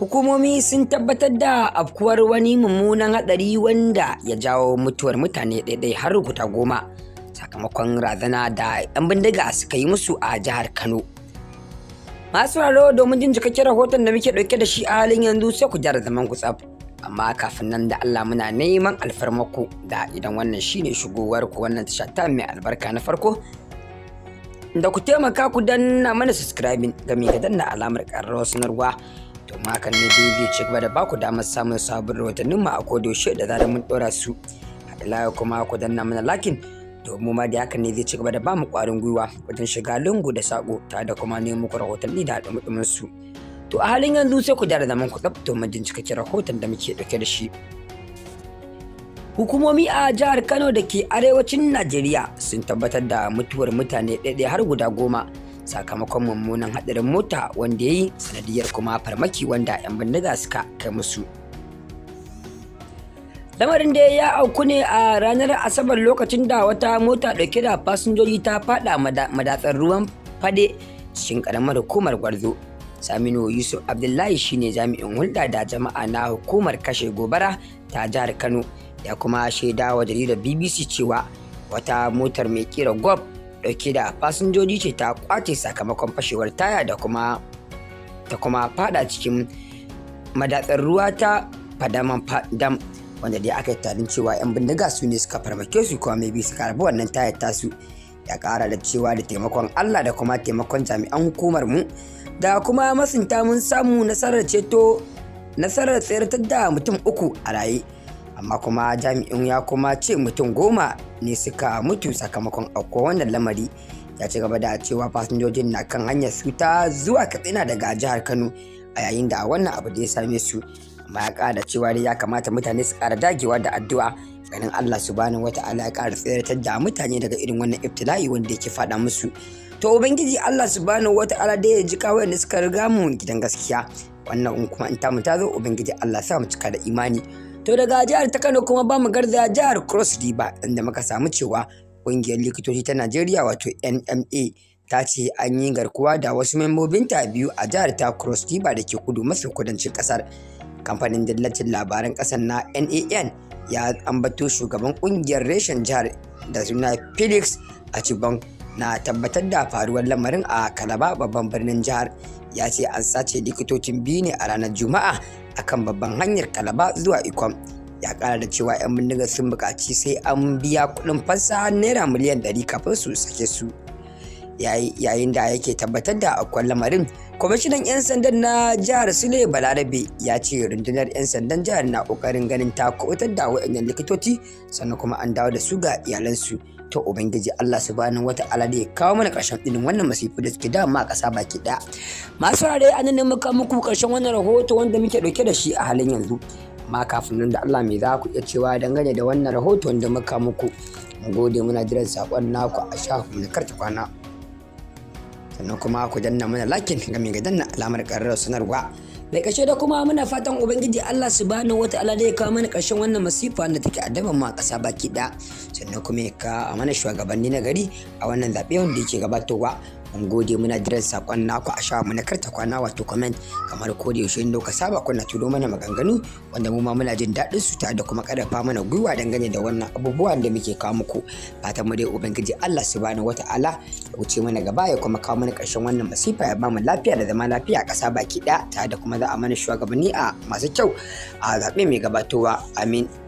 hukumomi sun tabbatar da afkuwar wani mummunan hadari wanda ya jawo mutuwar mutane ɗaiɗai har guda goma sakamakon razana da 'yan bindiga suka yi musu a jihar kano masu raro domin jin rahoton da muke ɗauke da shi a halin yanzu sai ku jara zaman ku tsaf amma kafin nan da allah muna neman alfarmako da idan wannan shine shigowar ku wannan tasha ta mai albarka na farko da ku taimaka ku danna mana subscribing mai ga danna alamar ƙararrawar sanarwa ma hakan ne dai zai ci gaba da baku damar samun sabon rahotannin mu a shi da zarar mun dora su haɗa kuma ku danna mana lakin mu ma da hakan ne zai ci gaba da ba mu ƙwarin gwiwa wajen shiga lungu da sako, ta da kuma nemo ku rahotanni da haɗin su to a halin yanzu sai ku dara zaman ku tsaf mu jin cikakken rahoton da muke ɗauke da shi. Hukumomi a jihar Kano da ke arewacin Najeriya sun tabbatar da mutuwar mutane ɗaiɗai har guda goma sakamakon mummunan hadarin mota wanda ya yi sanadiyar kuma farmaki wanda 'yan bindiga suka kai musu lamarin da ya auku ne a ranar asabar lokacin da wata mota dauke da fasinjoji ta fada madatsar ruwan fade cikin karamar hukumar gwarzo saminu yusuf abdullahi shine jami'in hulɗa da jama'a na hukumar kashe gobara ta jihar kano ya kuma shaida wa jaridar bbc cewa wata motar mai kira gob dauke da fasinjoji ce ta kwace sakamakon fashewar taya da kuma ta kuma fada cikin madatsar ruwa ta fadaman fadam wanda dai aka yi tarin cewa 'yan bindiga su ne suka farmake su kuma mai bi suka wannan tayar tasu ya kara da cewa da taimakon Allah da kuma taimakon jami'an hukumar mu da kuma masinta mun samu nasarar ceto nasarar tsayar da mutum uku a raye amma kuma jami'in ya kuma ce mutum goma ne suka mutu sakamakon akwa wannan lamari ya ci gaba da cewa fasinjojin na kan hanyar su ta zuwa katsina daga jihar kano a yayin da wannan abu da ya same su amma ya kara cewa dai ya kamata mutane su kara dagewa da addu'a ganin allah subhanahu ta'ala ya kara tsayar da mutane daga irin wannan iftila'i wanda yake fada musu to ubangiji allah subhanahu ta'ala dai ya ji kawai da suka riga mu gidan gaskiya wannan kuma in mu ta zo ubangiji allah sa mu cika da imani To daga jihar ta Kano kuma ba mu garza jihar Cross River inda muka samu cewa ƙungiyar likitoci ta Najeriya wato NMA ta ce an yi garkuwa da wasu ta biyu a jihar ta Cross River da ke kudu maso kudancin ƙasar. Kamfanin dillacin labaran Ƙasa na NAN ya ambato shugaban ƙungiyar reshen jihar da suna Felix a cibban na tabbatar da faruwar lamarin a kalaba babban birnin jihar ya ce an sace likitocin biyu ne a ranar juma'a akan babban hanyar kalaba zuwa ikon ya kara da cewa 'yan bindigar sun buƙaci sai an biya kuɗin fansa naira miliyan 100 kafin su sake su yayin da yake tabbatar da akwai lamarin kwamishinan 'yan sandan na jihar sule balarabe ya ce rundunar 'yan sandan jihar na kokarin ganin ta kotar da wa'annan likitoci sannan kuma an dawo da su ga iyalansu to ubangiji Allah subhanahu wata'ala da ya kawo mana karshen irin wannan masifu da suke dama a kasa baki ɗaya masu rare an nan muka muku karshen wannan rahoto wanda muke ɗauke da shi a halin yanzu amma kafin nan da Allah me za ku iya cewa dangane da wannan rahoto wanda muka muku mu gode muna jiran saƙon naku a shafin na karta kwana sannan kuma ku danna mana lakin ga mai ga danna alamar ƙarar sanarwa da kashe da kuma muna fatan ubangiji Allah subhanahu ala da ya kawo mana ƙarshen wannan masifa da take addaban ma a ƙasa baki ɗaya sannan kuma ya kawo mana shugabanni na gari a wannan zaɓe wanda yake gabatowa mun gode muna jiran sakon naku a sha mu na karta kwana wato comment kamar ko da yaushe ka saba kuna tudo mana maganganu wanda mu ma muna jin daɗin su tare da kuma karfafa mana gwiwa dangane da wannan abubuwan da muke kawo muku fatan mu dai ubangiji Allah subhanahu wata'ala ya wuce mana gaba ya kuma kawo mana ƙarshen wannan masifa ya ba mu lafiya da zama lafiya a ƙasa baki ɗaya tare da kuma za a mana shugabanni a masu kyau a zaɓe mai gabatowa amin